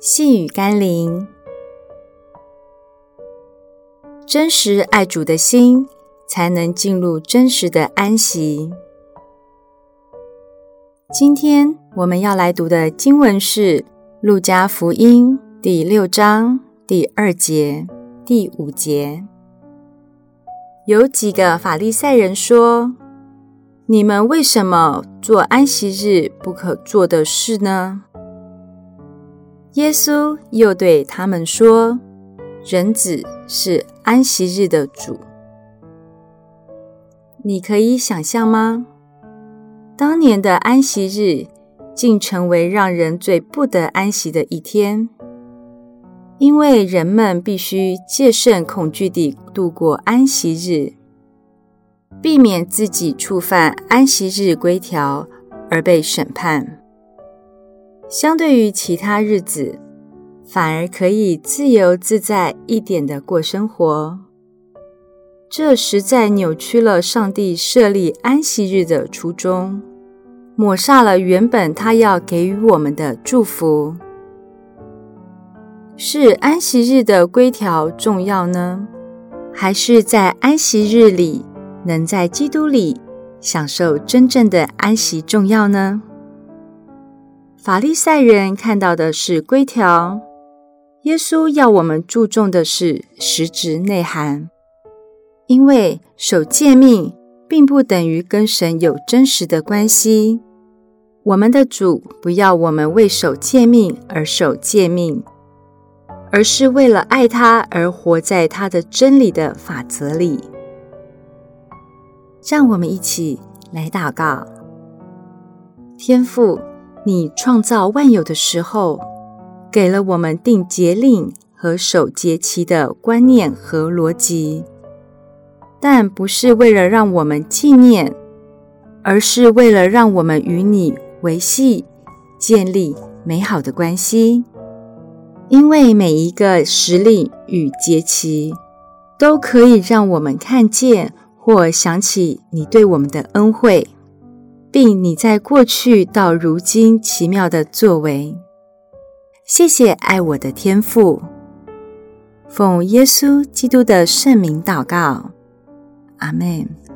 細語甘霖，真實愛主的心，才能進入真實的安息。今天我們要來讀的經文是《路加福音》第六章第二節第五節。有幾個法利賽人說：“你們為什麼做安息日不可做的事呢？”耶穌又對他們說：“人子是安息日的主。”你可以想象嗎？當年的安息日竟成為讓人最不得安息的一天，因為人們必須戒慎恐懼地度過安息日，避免自己觸犯安息日規條而被審判。相對於其他日子，反而可以自由自在一點的過生活，這實在扭曲了上帝設立安息日的初衷，抹煞了原本他要給予我們的祝福。是安息日的規條重要呢？還是在安息日裡能在基督裡享受真正的安息重要呢？法利賽人看到的是規條，耶穌要我們注重的是實質內涵。因為守誡命並不等於跟神有真實的關係。我們的主不要我們為守誡命而守誡命，而是為了愛他而活在他的真理的法則裡。讓我們一起來禱告，天父。你創造萬有的時候，給了我們定節令和守節期的觀念和邏輯，但不是為了讓我們紀念，而是為了讓我們與你維繫、建立美好的關係。因為每一個時令與節期，都可以讓我們看見或想起你對我們的恩惠。並你在過去到如今奇妙的作為，謝謝愛我的天父，奉耶穌基督的聖名禱告，阿們。